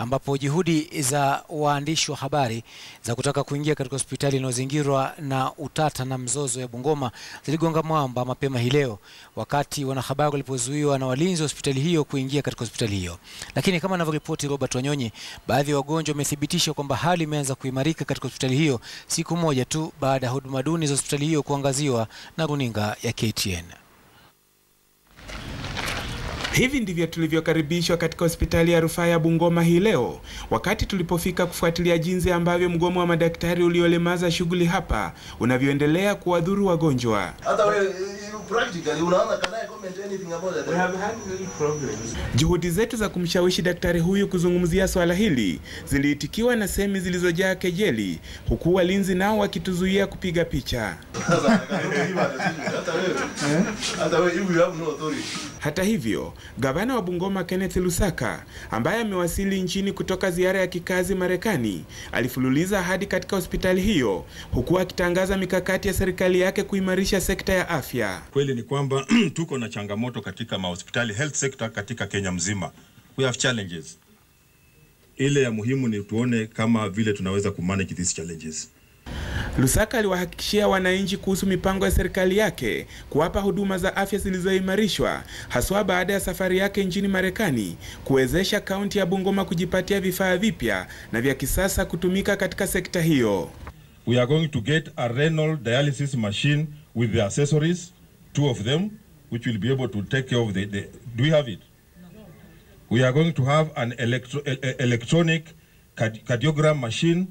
ambapo juhudi za waandishi wa habari za kutaka kuingia katika hospitali inayozingirwa na utata na mzozo ya Bungoma ziligonga mwamba mapema hii leo, wakati wanahabari walipozuiwa na walinzi wa hospitali hiyo kuingia katika hospitali hiyo. Lakini kama anavyoripoti Robert Wanyonyi, baadhi ya wagonjwa wamethibitisha kwamba hali imeanza kuimarika katika hospitali hiyo siku moja tu baada ya huduma duni za hospitali hiyo kuangaziwa na runinga ya KTN. Hivi ndivyo tulivyokaribishwa katika hospitali ya rufaa ya Bungoma hii leo, wakati tulipofika kufuatilia jinsi ambavyo mgomo wa madaktari uliolemaza shughuli hapa unavyoendelea kuwadhuru wagonjwa. Eh, eh, Juhudi zetu za kumshawishi daktari huyu kuzungumzia swala hili ziliitikiwa na semi zilizojaa kejeli, huku walinzi nao wakituzuia kupiga picha Eh? hata hivyo, gavana wa Bungoma Kenneth Lusaka ambaye amewasili nchini kutoka ziara ya kikazi Marekani alifululiza hadi katika hospitali hiyo huku akitangaza mikakati ya serikali yake kuimarisha sekta ya afya. Kweli ni kwamba tuko na changamoto katika mahospitali health sector katika Kenya mzima. We have challenges. Ile ya muhimu ni tuone kama vile tunaweza kumanage these challenges. Lusaka aliwahakikishia wananchi kuhusu mipango ya serikali yake kuwapa huduma za afya zilizoimarishwa haswa baada ya safari yake nchini Marekani kuwezesha kaunti ya Bungoma kujipatia vifaa vipya na vya kisasa kutumika katika sekta hiyo. We are going to get a renal dialysis machine with the accessories, two of them, which will be able to take care of the, the do we have it? We are going to have an electro, e, e, electronic cardiogram machine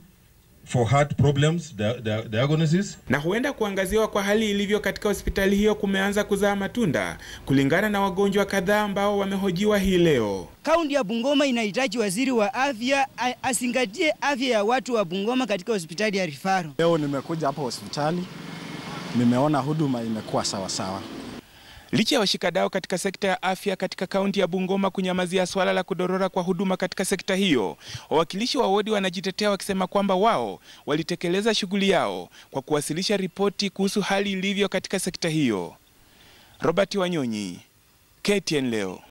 for heart problems diagnosis. Na huenda kuangaziwa kwa hali ilivyo katika hospitali hiyo kumeanza kuzaa matunda kulingana na wagonjwa kadhaa ambao wamehojiwa hii leo. Kaunti ya Bungoma inahitaji waziri wa afya azingatie afya ya watu wa Bungoma katika hospitali ya Rifaro. Leo nimekuja hapa hospitali, nimeona huduma imekuwa sawasawa sawa. Licha ya washikadau katika sekta ya afya katika kaunti ya Bungoma kunyamazia swala la kudorora kwa huduma katika sekta hiyo, wawakilishi wa wodi wanajitetea wakisema kwamba wao walitekeleza shughuli yao kwa kuwasilisha ripoti kuhusu hali ilivyo katika sekta hiyo. Robert Wanyonyi, KTN leo.